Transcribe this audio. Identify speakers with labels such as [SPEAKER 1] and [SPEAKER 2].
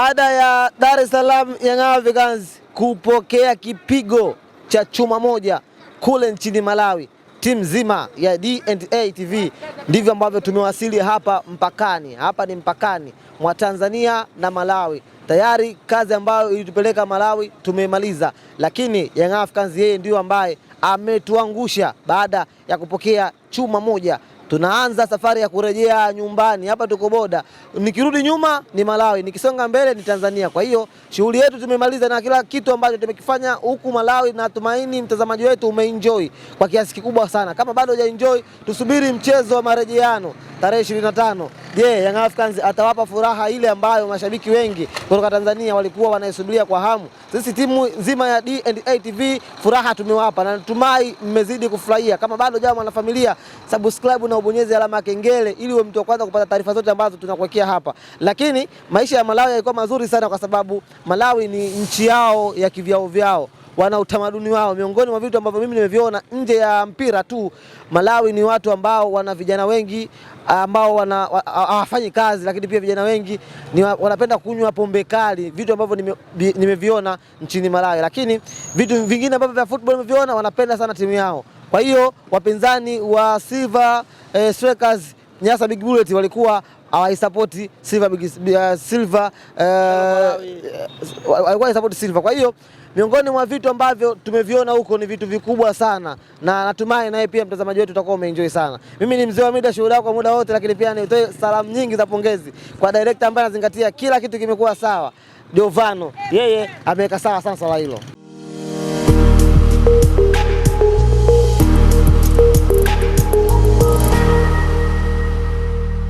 [SPEAKER 1] Baada ya Dar es Salaam Young Africans kupokea kipigo cha chuma moja kule nchini Malawi, timu nzima ya D&A TV ndivyo ambavyo tumewasili hapa mpakani. Hapa ni mpakani mwa Tanzania na Malawi. Tayari kazi ambayo ilitupeleka Malawi tumemaliza, lakini Young Africans yeye ndiyo ambaye ametuangusha baada ya kupokea chuma moja tunaanza safari ya kurejea nyumbani. Hapa tuko boda, nikirudi nyuma ni Malawi, nikisonga mbele ni Tanzania. Kwa hiyo shughuli yetu tumemaliza na kila kitu ambacho tumekifanya huku Malawi, na tumaini mtazamaji wetu umeenjoy kwa kiasi kikubwa sana. Kama bado hujaenjoy, tusubiri mchezo wa marejeano tarehe 25. Je, Young Africans atawapa furaha ile ambayo mashabiki wengi kutoka Tanzania walikuwa wanaisubiria kwa hamu? Sisi timu nzima ya D&A TV furaha tumewapa na natumai mmezidi kufurahia. Kama bado jamaa mwanafamilia, subscribe na ubonyeze alama ya kengele ili uwe mtu wa kwanza kupata taarifa zote ambazo tunakuwekea hapa. Lakini maisha ya Malawi yalikuwa mazuri sana, kwa sababu Malawi ni nchi yao ya kivyao vyao wana utamaduni wao. Miongoni mwa vitu ambavyo mimi nimeviona nje ya mpira tu, Malawi ni watu ambao wana vijana wengi ambao hawafanyi kazi, lakini pia vijana wengi ni wanapenda kunywa pombe kali, vitu ambavyo nime, nimeviona nchini Malawi. Lakini vitu vingine ambavyo vya football nimeviona, wanapenda sana timu yao. Kwa hiyo wapinzani wa Silver eh, Strikers Nyasa Big Bullet walikuwa hawaisapoti Silver uh, Silver, uh, alikuwa uh, haisapoti Silver. Kwa hiyo miongoni mwa vitu ambavyo tumeviona huko ni vitu vikubwa sana, na natumai naye pia mtazamaji wetu utakuwa umeenjoy sana. Mimi ni mzee wa mida, shughuli yako kwa muda wote, lakini pia nitoe salamu nyingi za pongezi kwa director ambaye anazingatia kila kitu kimekuwa sawa. Jovano yeye ameweka sawa sana swala hilo.